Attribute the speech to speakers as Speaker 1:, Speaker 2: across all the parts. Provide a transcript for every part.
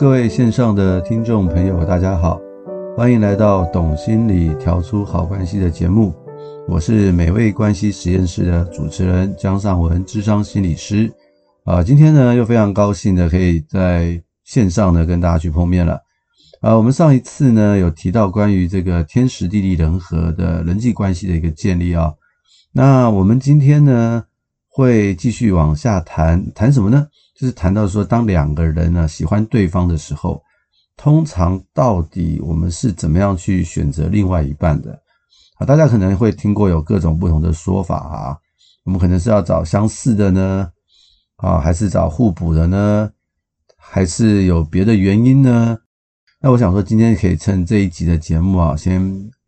Speaker 1: 各位線上的聽眾朋友，大家好，歡迎來到《懂心理調出好關係》的節目，我是美味關係實驗室的主持人姜尚文，諮商心理師，啊，今天呢又非常高興的可以在線上呢跟大家去碰面了。啊，我們上一次呢有提到關於這個天時地利人和的人際關係的一個建立啊，哦，那我們今天呢，會繼續往下談談什麼呢？就是談到說，當兩個人呢、啊、喜歡對方的時候，通常到底我們是怎麼樣去選擇另外一半的？啊，大家可能會聽過有各種不同的說法啊，我們可能是要找相似的呢，啊，還是找互補的呢，還是有別的原因呢？那我想說，今天可以趁這一集的節目啊，先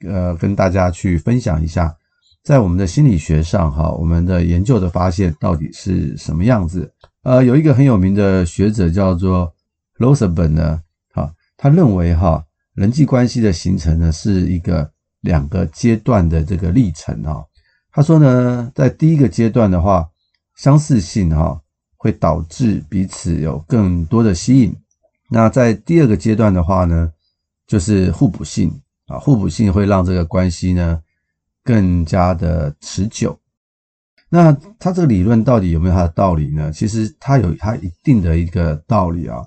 Speaker 1: 呃跟大家去分享一下。在我們的心理學上，哈，我們的研究的發現到底是什麼樣子？呃，有一個很有名的學者叫做 Rosenbaum 呢，哈，他認為哈，人際關係的形成呢是一個兩個階段的這個歷程啊。他說呢，在第一個階段的話，相似性哈會導致彼此有更多的吸引。那在第二個階段的話呢，就是互補性啊，互補性會讓這個關係呢。更加的持久。那他這個理論到底有沒有他的道理呢？其實他有他一定的一個道理啊。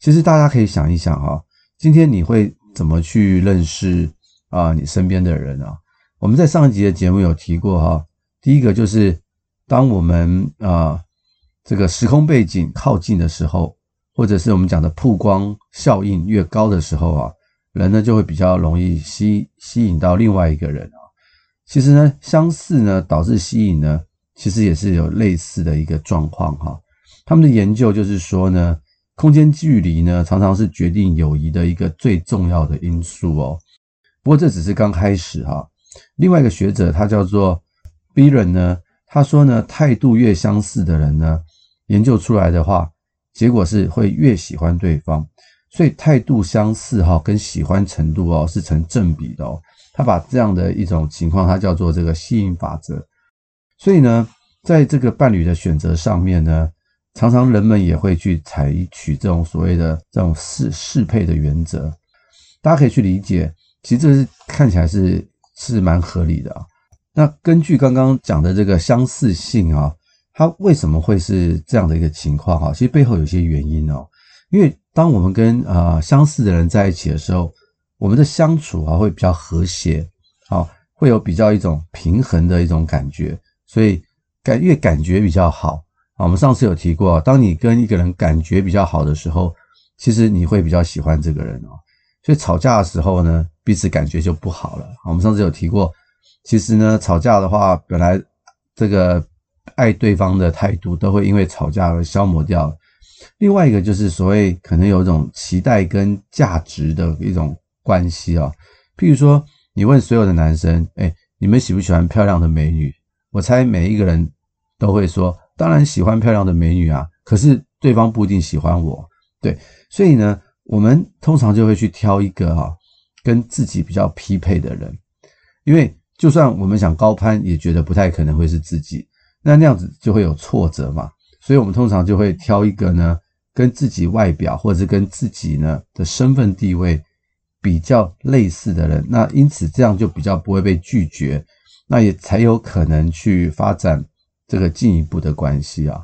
Speaker 1: 其實大家可以想一想啊，今天你會怎麼去認識啊、呃、你身邊的人啊？我們在上一集的節目有提過哈、啊，第一個就是當我們啊、呃、這個時空背景靠近的時候，或者是我們講的曝光效應越高的時候啊，人呢就會比較容易吸吸引到另外一個人、啊。其實呢，相似呢導致吸引呢，其實也是有類似的一個狀況哈、哦。他們的研究就是說呢，空間距離呢常常是決定友誼的一個最重要的因素哦。不過這只是剛開始哈、啊。另外一個學者他叫做 Byrne 呢，他說呢，態度越相似的人呢，研究出來的話，結果是會越喜歡對方。所以態度相似哈、哦，跟喜歡程度哦是成正比的哦。他把這樣的一種情況，他叫做這個吸引法則。所以呢，在這個伴侶的選擇上面呢，常常人們也會去採取這種所謂的這種適適配的原則。大家可以去理解，其實這是看起來是是蠻合理的啊。那根據剛剛講的這個相似性啊，它為什麼會是這樣的一個情況啊？其實背後有些原因哦、啊。因為當我們跟呃相似的人在一起的時候。我們的相處啊，會比較和諧，啊會有比較一種平衡的一種感覺，所以感越感覺比較好啊。我們上次有提過，當你跟一個人感覺比較好的時候，其實你會比較喜歡這個人哦。所以吵架的時候呢，彼此感覺就不好了。我們上次有提過，其實呢，吵架的話，本來這個愛對方的態度都會因為吵架而消磨掉。另外一個就是所謂可能有一種期待跟價值的一種。關係啊、哦，譬如說，你問所有的男生，哎、欸，你們喜不喜歡漂亮的美女？我猜每一個人都會說，當然喜歡漂亮的美女啊。可是對方不一定喜歡我。對，所以呢，我們通常就會去挑一個哈、哦，跟自己比較匹配的人，因為就算我們想高攀，也覺得不太可能會是自己，那那樣子就會有挫折嘛。所以我們通常就會挑一個呢，跟自己外表或者是跟自己呢的身份地位，比較類似的人，那因此這樣就比較不會被拒絕，那也才有可能去發展這個進一步的關係啊。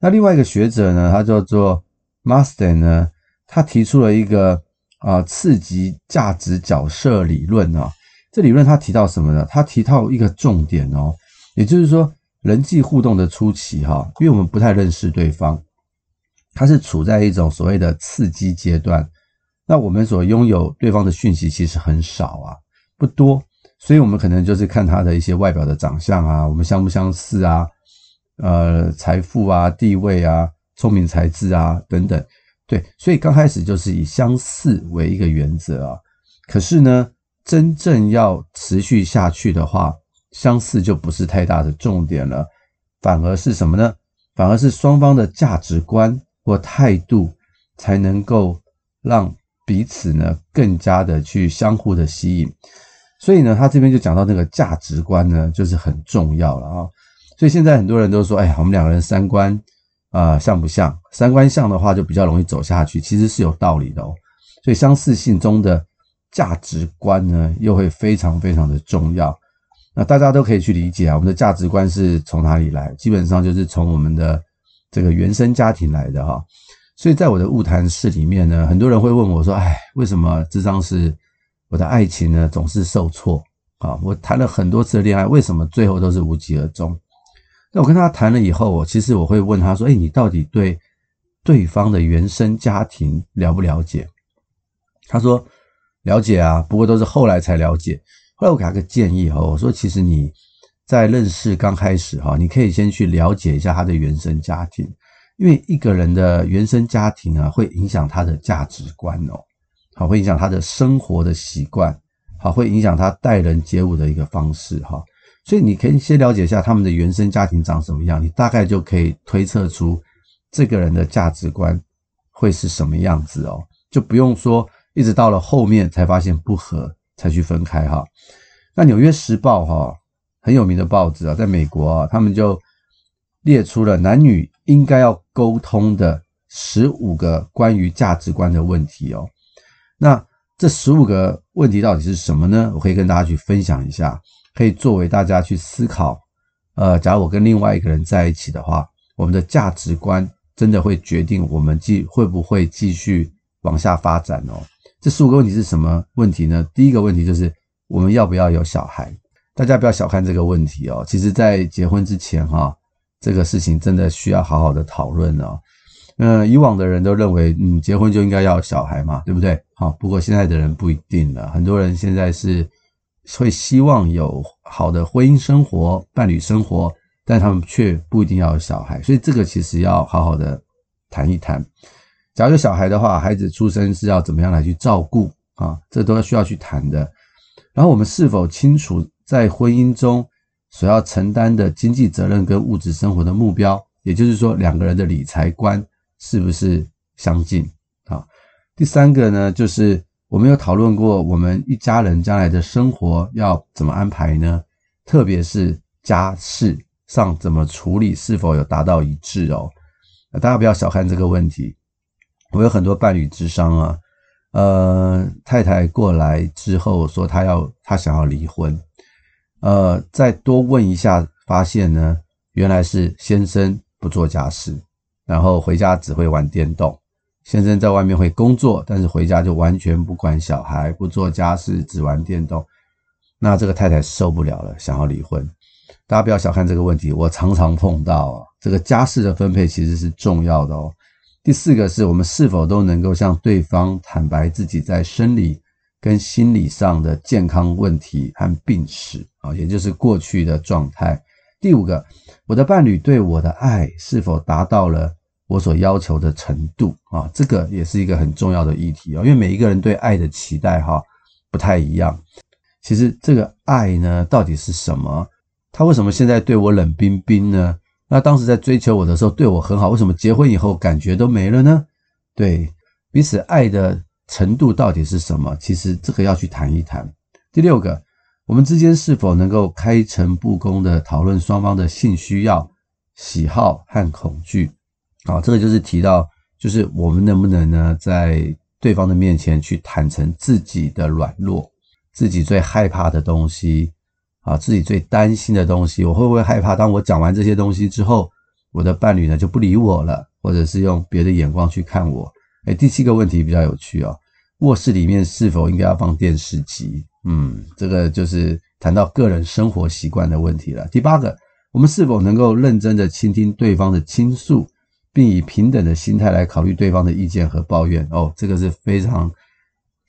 Speaker 1: 那另外一個學者呢，他叫做 Murstein 呢，他提出了一個啊、呃、刺激價值角色理論啊。這理論他提到什麼呢？他提到一個重點哦，也就是說人際互動的初期哈、啊，因為我們不太認識對方，他是處在一種所謂的刺激階段。那我們所擁有對方的訊息其實很少啊，不多，所以我們可能就是看他的一些外表的長相啊，我們相不相似啊，呃，財富啊，地位啊，聰明才智啊等等，對，所以剛開始就是以相似為一個原則啊，可是呢，真正要持續下去的話，相似就不是太大的重點了，反而是什麼呢？反而是雙方的價值觀或態度才能夠讓。彼此呢，更加的去相互的吸引，所以呢，他這邊就講到那個價值觀呢，就是很重要了啊、哦。所以現在很多人都說，哎呀，我們兩個人三觀啊、呃、像不像？三觀像的話，就比較容易走下去，其實是有道理的哦。所以相似性中的價值觀呢，又會非常非常的重要。那大家都可以去理解啊，我們的價值觀是從哪裡來？基本上就是從我們的這個原生家庭來的哈、哦。所以在我的晤談室裡面呢，很多人會問我說：“哎，為什麼這張是我的愛情呢？總是受挫啊！我談了很多次戀愛，為什麼最後都是無疾而終？”那我跟他談了以後，我其實我會問他說：“哎、欸，你到底對對方的原生家庭了不了解？”他說：“了解啊，不過都是後來才了解。”後來我給他個建議哈，我說：“其實你在認識剛開始哈，你可以先去了解一下他的原生家庭。”因為一個人的原生家庭啊，會影響他的價值觀哦，好，會影響他的生活的習慣，好，會影響他待人接物的一個方式哈，所以你可以先了解一下他們的原生家庭長什麼樣，你大概就可以推測出這個人的價值觀會是什麼樣子哦，就不用說一直到了後面才發現不合才去分開哈。那《紐約時報》哈很有名的報紙啊，在美國啊，他們就列出了男女。應該要溝通的十五個關於價值觀的問題哦。那這十五個問題到底是什麼呢？我可以跟大家去分享一下，可以作為大家去思考。呃，假如我跟另外一個人在一起的話，我們的價值觀真的會決定我們繼會不會繼續往下發展哦。這十五個問題是什麼問題呢？第一個問題就是我們要不要有小孩？大家不要小看這個問題哦。其實，在結婚之前哈、啊。這個事情真的需要好好的討論哦。嗯、呃，以往的人都認為，嗯，結婚就應該要小孩嘛，對不對？好、啊，不過現在的人不一定了。很多人現在是會希望有好的婚姻生活、伴侶生活，但他們卻不一定要有小孩。所以這個其實要好好的談一談。假如有小孩的話，孩子出生是要怎麼樣來去照顧啊？這都需要去談的。然後我們是否清楚在婚姻中所要承擔的經濟責任跟物質生活的目標，也就是說，兩個人的理財觀是不是相近啊？第三個呢，就是我們有討論過，我們一家人將來的生活要怎麼安排呢？特別是家事上怎麼處理，是否有達到一致哦。啊，大家不要小看這個問題，我有很多伴侶諮商啊，呃，太太過來之後說她要，她想要離婚。呃，再多問一下，發現呢，原來是先生不做家事，然後回家只會玩電動。先生在外面會工作，但是回家就完全不管小孩，不做家事，只玩電動。那這個太太受不了了，想要離婚。大家不要小看這個問題，我常常碰到，這個家事的分配其實是重要的哦。第四個是，我們是否都能夠向對方坦白自己在生理。跟心理上的健康問題和病史啊，也就是過去的狀態。第五個，我的伴侶對我的愛是否達到了我所要求的程度啊？這個也是一個很重要的議題啊，因為每一個人對愛的期待哈不太一樣。其實這個愛呢，到底是什麼？他為什麼現在對我冷冰冰呢？那當時在追求我的時候對我很好，為什麼結婚以後感覺都沒了呢？對彼此愛的。程度到底是什麼？其實這個要去談一談。第六個，我們之間是否能夠開誠布公地討論雙方的性需要、喜好和恐懼？啊，這個就是提到，就是我們能不能呢，在對方的面前去坦誠自己的軟弱、自己最害怕的東西啊，自己最擔心的東西。我會不會害怕，當我講完這些東西之後，我的伴侶呢就不理我了，或者是用別的眼光去看我？哎，第七個問題比較有趣啊、哦，臥室裡面是否應該要放電視機？嗯，這個就是談到個人生活習慣的問題了。第八個，我們是否能夠認真的傾聽對方的傾訴，並以平等的心態來考慮對方的意見和抱怨？哦，這個是非常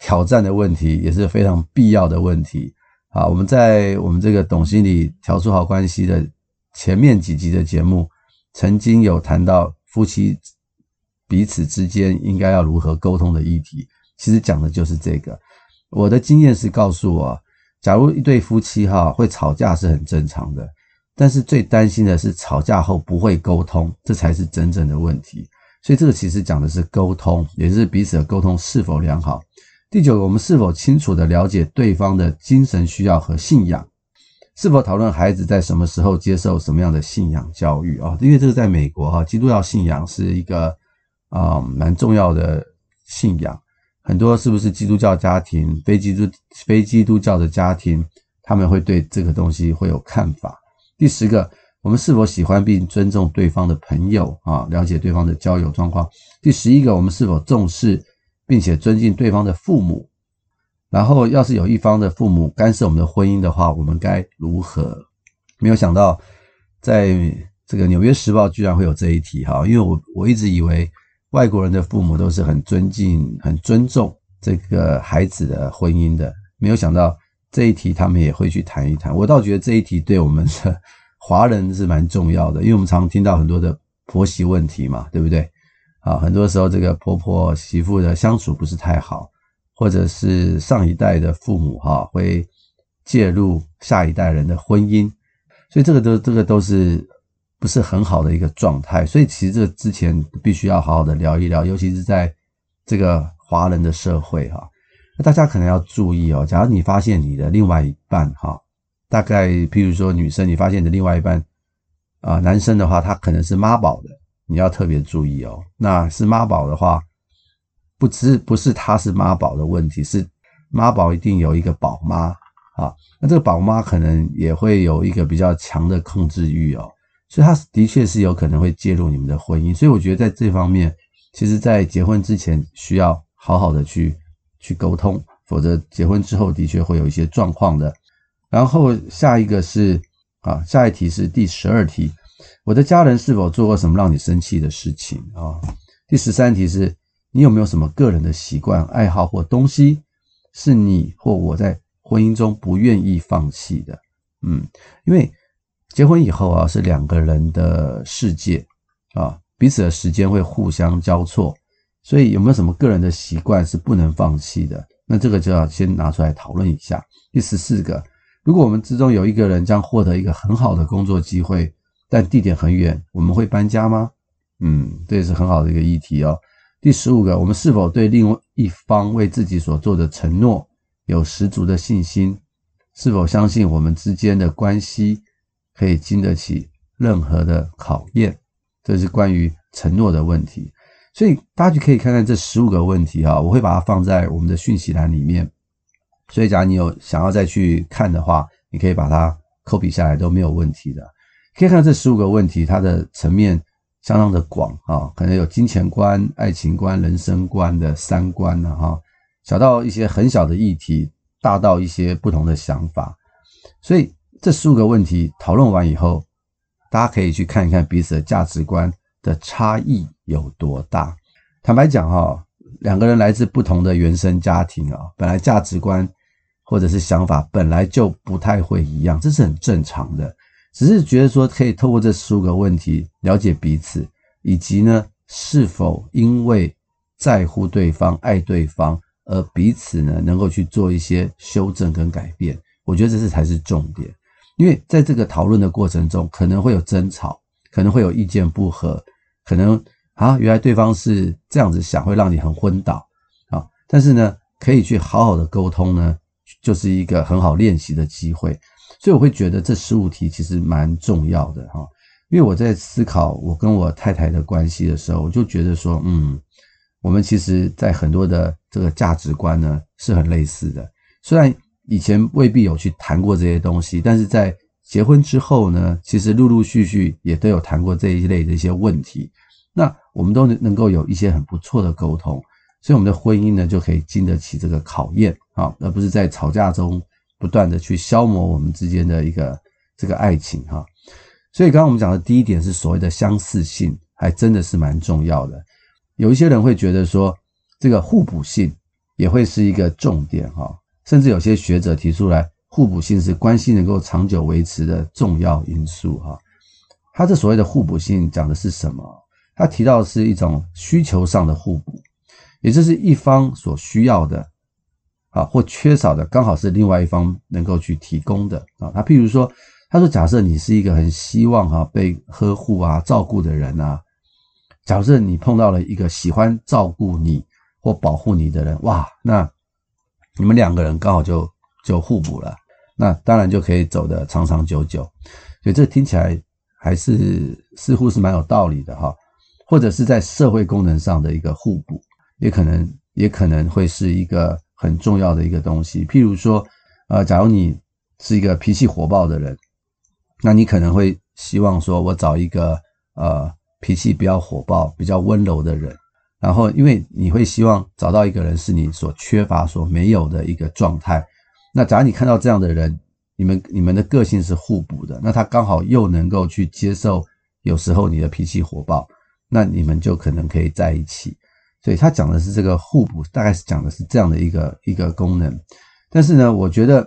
Speaker 1: 挑戰的問題，也是非常必要的問題啊！我們在我們這個《懂心理，調出好關係》的前面幾集的節目，曾經有談到夫妻。彼此之間應該要如何溝通的議題，其實講的就是這個。我的經驗是告訴我，假如一對夫妻哈會吵架是很正常的，但是最擔心的是吵架後不會溝通，這才是真正的問題。所以這個其實講的是溝通，也就是彼此的溝通是否良好。第九，我們是否清楚地了解對方的精神需要和信仰？是否討論孩子在什麼時候接受什麼樣的信仰教育啊、哦？因為這個在美國哈，基督教信仰是一個。啊，蠻重要的信仰，很多是不是基督教家庭、非基督、非基督教的家庭，他們會對這個東西會有看法。第十個，我們是否喜歡並尊重對方的朋友啊？了解對方的交友狀況。第十一個，我們是否重視並且尊敬對方的父母？然後，要是有一方的父母干涉我們的婚姻的話，我們該如何？沒有想到，在這個《紐約時報》居然會有這一題哈，因為我我一直以為。外國人的父母都是很尊敬，很尊重這個孩子的婚姻的。沒有想到這一題他們也會去談一談。我倒覺得這一題對我們的華人是蠻重要的，因為我們常聽到很多的婆媳問題嘛，對不對？啊，很多時候這個婆婆媳婦的相處不是太好，或者是上一代的父母哈會介入下一代人的婚姻，所以這個都這個都是。不是很好的一個狀態，所以其實這之前必須要好好的聊一聊，尤其是在這個華人的社會哈，那大家可能要注意哦。假如你發現你的另外一半哈，大概譬如說女生，你發現你的另外一半啊，男生的話，他可能是媽寶的，你要特別注意哦。那是媽寶的話，不只不是他是媽寶的問題，是媽寶一定有一個寶媽啊，那這個寶媽可能也會有一個比較強的控制欲哦。所以他的確是有可能會介入你們的婚姻，所以我覺得在這方面，其實，在結婚之前需要好好的去去溝通，否則結婚之後的確會有一些狀況的。然後下一個是啊，下一題是第十二題，我的家人是否做過什麼讓你生氣的事情啊？第十三題是你有沒有什麼個人的習慣、愛好或東西是你或我在婚姻中不願意放棄的？嗯，因為。結婚以後啊，是兩個人的世界啊，彼此的時間會互相交錯，所以有沒有什麼個人的習慣是不能放棄的？那這個就要先拿出來討論一下。第十四個，如果我們之中有一個人將獲得一個很好的工作機會，但地點很遠，我們會搬家嗎？嗯，這也是很好的一個議題哦。第十五個，我們是否對另一方為自己所做的承諾有十足的信心？是否相信我們之間的關係，可以經得起任何的考驗，這是關於承諾的問題，所以大家就可以看看這十五個問題哈，我會把它放在我們的訊息欄裡面，所以假如你有想要再去看的話，你可以把它 copy 下來都沒有問題的。可以看看這十五個問題，它的層面相當的廣啊，可能有金錢觀、愛情觀、人生觀的三觀吶哈，小到一些很小的議題，大到一些不同的想法，所以。這十五個問題討論完以後，大家可以去看一看彼此的價值觀的差異有多大。坦白講哈、哦，兩個人來自不同的原生家庭啊、哦，本來價值觀或者是想法本來就不太會一樣，這是很正常的。只是覺得說可以透過這十五個問題了解彼此，以及呢是否因為在乎對方、愛對方而彼此呢能夠去做一些修正跟改變。我覺得這才是重點。因為在這個討論的過程中，可能會有爭吵，可能會有意見不合，可能啊，原來對方是這樣子想，會讓你很昏倒啊。但是呢，可以去好好的溝通呢，就是一個很好練習的機會。所以我會覺得這十五題其實蠻重要的哈。因為我在思考我跟我太太的關係的時候，我就覺得說，嗯，我們其實在很多的這個價值觀呢，是很類似的，雖然。以前未必有去談過這些東西，但是在結婚之後呢，其實陸陸續續也都有談過這一類的一些問題。那我們都能夠有一些很不錯的溝通，所以我們的婚姻呢，就可以經得起這個考驗啊，而不是在吵架中不斷的去消磨我們之間的一個這個愛情哈。所以剛剛我們講的第一點是所謂的相似性，還真的是蠻重要的。有一些人會覺得說這個互補性也會是一個重點哈。甚至有些學者提出來，互補性是關係能夠長久維持的重要因素哈，他這所謂的互補性講的是什麼？他提到的是一種需求上的互補，也就是一方所需要的啊，或缺少的，剛好是另外一方能夠去提供的啊。他譬如說，他說假設你是一個很希望哈被呵護啊、照顧的人啊，假設你碰到了一個喜歡照顧你或保護你的人，哇，那。你們兩個人剛好就就互補了，那當然就可以走得長長久久，所以這聽起來還是似乎是蠻有道理的哈，或者是在社會功能上的一個互補，也可能也可能會是一個很重要的一個東西。譬如說，呃，假如你是一個脾氣火爆的人，那你可能會希望說我找一個呃脾氣比較火爆、比較溫柔的人。然後，因為你會希望找到一個人是你所缺乏、所沒有的一個狀態。那假如你看到這樣的人，你們你們的個性是互補的，那他剛好又能夠去接受，有時候你的脾氣火爆，那你們就可能可以在一起。所以他講的是這個互補，大概是講的是這樣的一個一個功能。但是呢，我覺得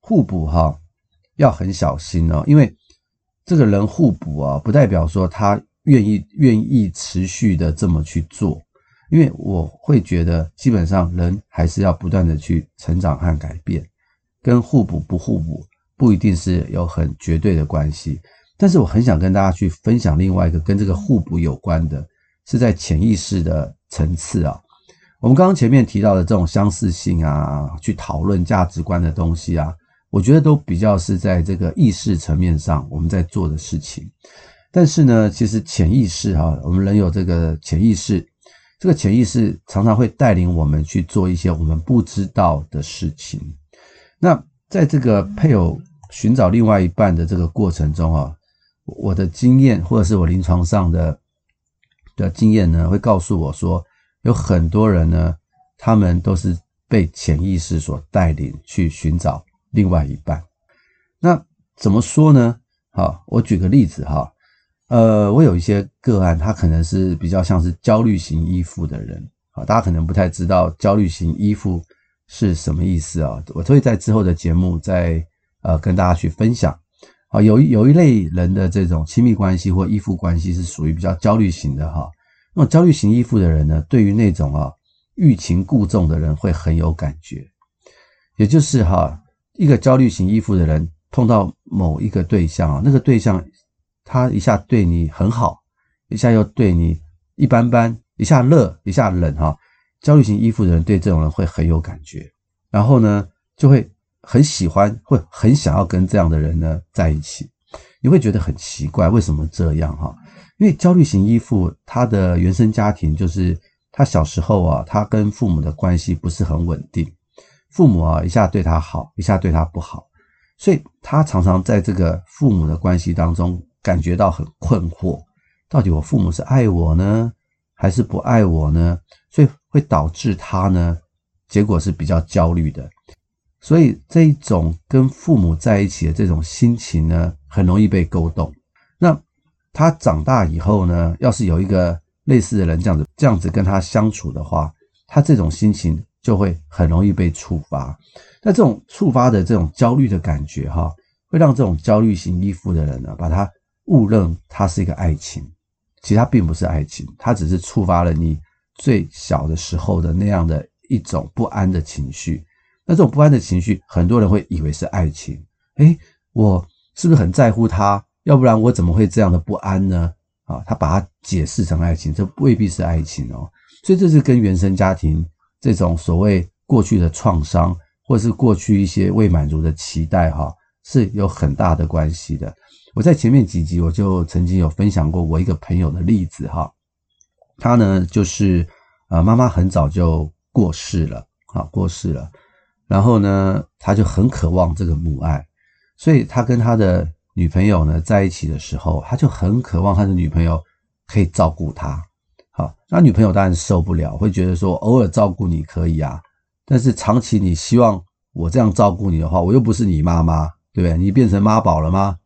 Speaker 1: 互補哈、啊、要很小心哦，因為這個人互補啊，不代表說他願意願意持續的這麼去做。因為我會覺得，基本上人還是要不斷的去成長和改變，跟互補不互補不一定是有很絕對的關係。但是我很想跟大家去分享另外一個跟這個互補有關的，是在潛意識的層次啊。我們剛剛前面提到的這種相似性啊，去討論價值觀的東西啊，我覺得都比較是在這個意識層面上我們在做的事情。但是呢，其實潛意識哈，我們人有這個潛意識。這個潛意識常常會帶領我們去做一些我們不知道的事情。那在這個配偶尋找另外一半的這個過程中啊，我的經驗或者是我臨床上的的經驗呢，會告訴我說，有很多人呢，他們都是被潛意識所帶領去尋找另外一半。那怎麼說呢？好，我舉個例子哈。呃，我有一些個案，他可能是比較像是焦慮型依附的人啊。大家可能不太知道焦慮型依附是什麼意思啊，我會在之後的節目再呃跟大家去分享啊。有一有一類人的這種親密關係或依附關係是屬於比較焦慮型的哈。那麼焦慮型依附的人呢，對於那種啊欲擒故縱的人會很有感覺，也就是哈、啊，一個焦慮型依附的人碰到某一個對象啊，那個對象。他一下對你很好，一下又對你一般般，一下熱一下冷哈。焦慮型依附的人對這種人會很有感覺，然後呢就會很喜歡，會很想要跟這樣的人呢在一起。你會覺得很奇怪，為什麼這樣哈？因為焦慮型依附他的原生家庭就是他小時候啊，他跟父母的關係不是很穩定，父母啊一下對他好，一下對他不好，所以他常常在這個父母的關係當中。感覺到很困惑，到底我父母是愛我呢，還是不愛我呢？所以會導致他呢，結果是比較焦慮的。所以這一種跟父母在一起的這種心情呢，很容易被勾動。那他長大以後呢，要是有一個類似的人這樣子，這樣子跟他相處的話，他這種心情就會很容易被觸發。那這種觸發的這種焦慮的感覺哈、啊，會讓這種焦慮型依附的人呢、啊，把他。誤認它是一個愛情，其實它並不是愛情，它只是觸發了你最小的時候的那樣的一種不安的情緒。那這種不安的情緒，很多人會以為是愛情。誒，我是不是很在乎他？要不然我怎麼會這樣的不安呢？啊、哦，他把它解釋成愛情，這未必是愛情哦。所以這是跟原生家庭這種所謂過去的創傷，或是過去一些未滿足的期待哈、哦，是有很大的關係的。我在前面幾集我就曾經有分享過我一個朋友的例子哈，他呢就是呃、啊、媽媽很早就過世了啊，過世了，然後呢他就很渴望這個母愛，所以他跟他的女朋友呢在一起的時候，他就很渴望他的女朋友可以照顧他，好，那女朋友當然受不了，會覺得說偶爾照顧你可以啊，但是長期你希望我這樣照顧你的話，我又不是你媽媽，對不對？你變成媽寶了嗎？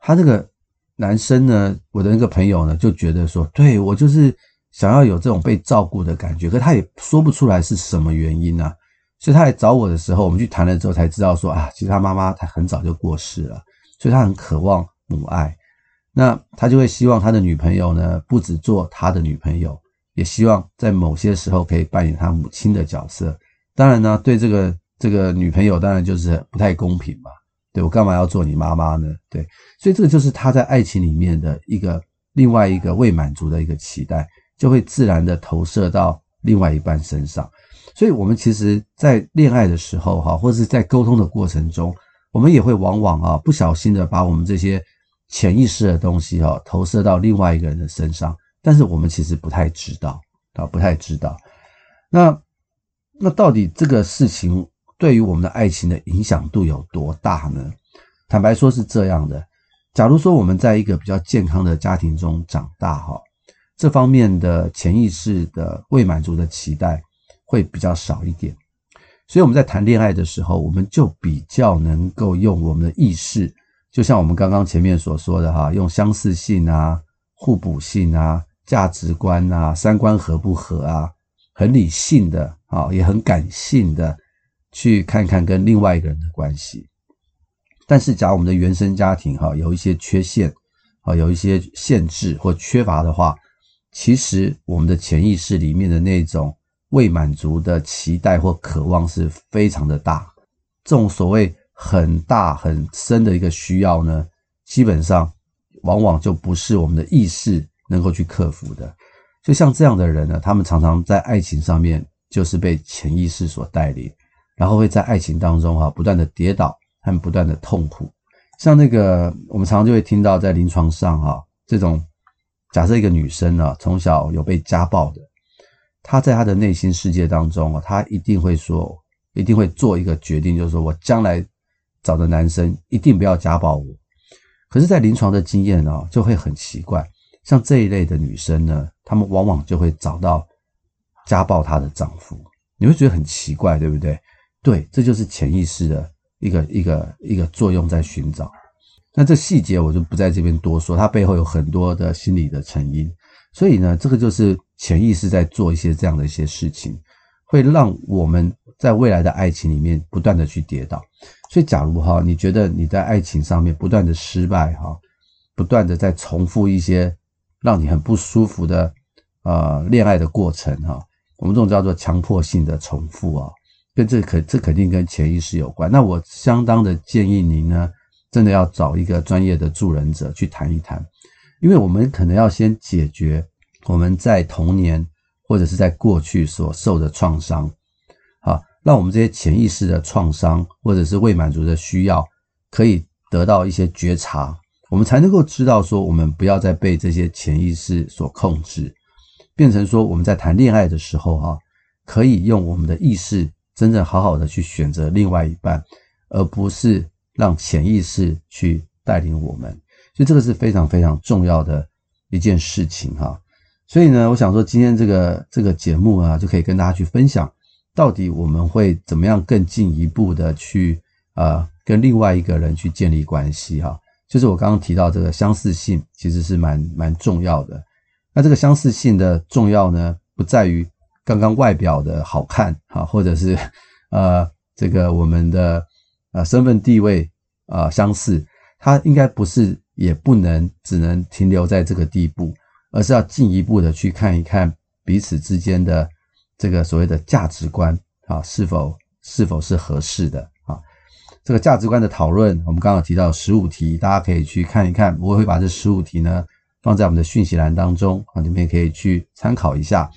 Speaker 1: 他這個男生呢，我的那個朋友呢，就覺得說，對，我就是想要有這種被照顧的感覺，可他也說不出來是什麼原因呢、啊。所以他來找我的時候，我們去談了之後才知道說，啊，其實他媽媽她很早就過世了，所以他很渴望母愛。那他就會希望他的女朋友呢，不只做他的女朋友，也希望在某些時候可以扮演他母親的角色。當然呢，對這個這個女朋友，當然就是不太公平嘛。對，我幹嘛要做你媽媽呢？對，所以這個就是他在愛情裡面的一個另外一個未滿足的一個期待，就會自然的投射到另外一半身上。所以，我們其實，在戀愛的時候哈，或是在溝通的過程中，我們也會往往啊不小心的把我們這些潛意識的東西哈投射到另外一個人的身上，但是我們其實不太知道啊，不太知道。那那到底這個事情，對於我們的愛情的影響度有多大呢？坦白說，是這樣的。假如說我們在一個比較健康的家庭中長大，哈，這方面的潛意識的未滿足的期待會比較少一點。所以我們在談戀愛的時候，我們就比較能夠用我們的意識，就像我們剛剛前面所說的，哈，用相似性啊、互補性啊、價值觀啊、三觀合不合啊，很理性的啊，也很感性的。去看看跟另外一個人的關係，但是假如我們的原生家庭哈有一些缺陷啊，有一些限制或缺乏的話，其實我們的潛意識裡面的那種未滿足的期待或渴望是非常的大。這種所謂很大很深的一個需要呢，基本上往往就不是我們的意識能夠去克服的。就像這樣的人呢，他們常常在愛情上面就是被潛意識所帶領。然後會在愛情當中哈，不斷的跌倒和不斷的痛苦。像那個我們常常就會聽到，在臨床上哈、啊，這種假設一個女生呢、啊，從小有被家暴的，她在她的內心世界當中，她一定會說，一定會做一個決定，就是說我將來找的男生一定不要家暴我。可是，在臨床的經驗呢、啊，就會很奇怪，像這一類的女生呢，她們往往就會找到家暴她的丈夫。你會覺得很奇怪，對不對？對，這就是潛意識的一個一個一個作用在尋找。那這細節我就不在這邊多說，它背後有很多的心理的成因。所以呢，這個就是潛意識在做一些這樣的一些事情，會讓我們在未來的愛情裡面不斷的去跌倒。所以假如哈，你覺得你在愛情上面不斷的失敗哈，不斷的在重複一些讓你很不舒服的啊戀愛的過程哈，我們這種叫做強迫性的重複啊。跟這可這肯定跟潛意識有關。那我相當的建議您呢，真的要找一個專業的助人者去談一談，因為我們可能要先解決我們在童年或者是在過去所受的創傷，好，讓我們這些潛意識的創傷或者是未滿足的需要可以得到一些覺察，我們才能夠知道說我們不要再被這些潛意識所控制，變成說我們在談戀愛的時候哈、啊，可以用我們的意識。真正好好的去選擇另外一半，而不是讓潛意識去帶領我們，所以這個是非常非常重要的一件事情哈。所以呢，我想說今天這個這個節目啊，就可以跟大家去分享，到底我們會怎麼樣更進一步的去啊，跟另外一個人去建立關係哈。就是我剛剛提到這個相似性，其實是蠻蠻重要的。那這個相似性的重要呢，不在於。剛剛外表的好看啊，或者是，呃，這個我們的呃身份地位啊，呃，相似，它應該不是，也不能只能停留在這個地步，而是要進一步的去看一看彼此之間的這個所謂的價值觀啊，是否是否是合適的啊？這個價值觀的討論，我們剛剛提到十五題，大家可以去看一看，我會把這十五題呢放在我們的訊息欄當中啊，你們也可以去參考一下。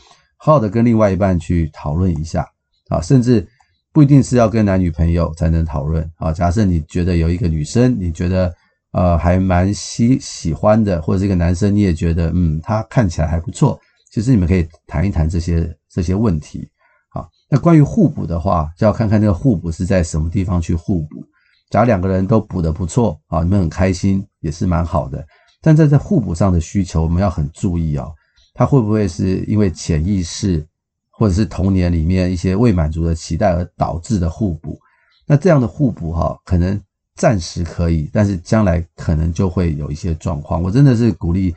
Speaker 1: 好，好的，跟另外一半去討論一下啊，甚至不一定是要跟男女朋友才能討論啊。假設你覺得有一個女生，你覺得呃還蠻喜喜歡的，或者是一個男生，你也覺得嗯他看起來還不錯，其實你們可以談一談這些這些問題啊。那關於互補的話，就要看看那個互補是在什麼地方去互補。假如兩個人都補得不錯啊，你們很開心，也是蠻好的。但在這互補上的需求，我們要很注意哦啊。他會不會是因為潛意識，或者是童年裡面一些未滿足的期待而導致的互補？那這樣的互補哈，可能暫時可以，但是將來可能就會有一些狀況。我真的是鼓勵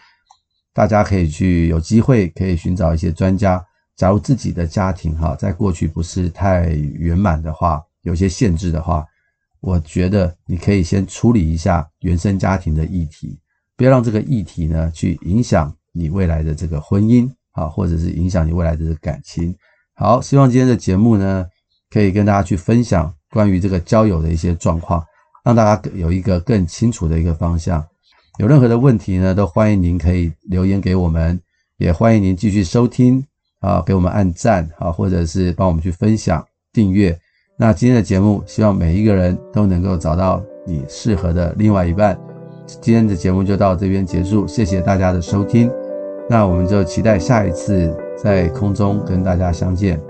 Speaker 1: 大家可以去有機會，可以尋找一些專家。假如自己的家庭哈，在過去不是太圓滿的話，有些限制的話，我覺得你可以先處理一下原生家庭的議題，不要讓這個議題呢去影響。你未來的這個婚姻啊，或者是影響你未來的感情。好，希望今天的節目呢，可以跟大家去分享關於這個交友的一些狀況，讓大家有一個更清楚的一個方向。有任何的問題呢，都歡迎您可以留言給我們，也歡迎您繼續收聽啊，給我們按讚啊，或者是幫我們去分享、訂閱。那今天的節目，希望每一個人都能夠找到你適合的另外一半。今天的節目就到這邊結束，謝謝大家的收聽。那我們就期待下一次在空中跟大家相見。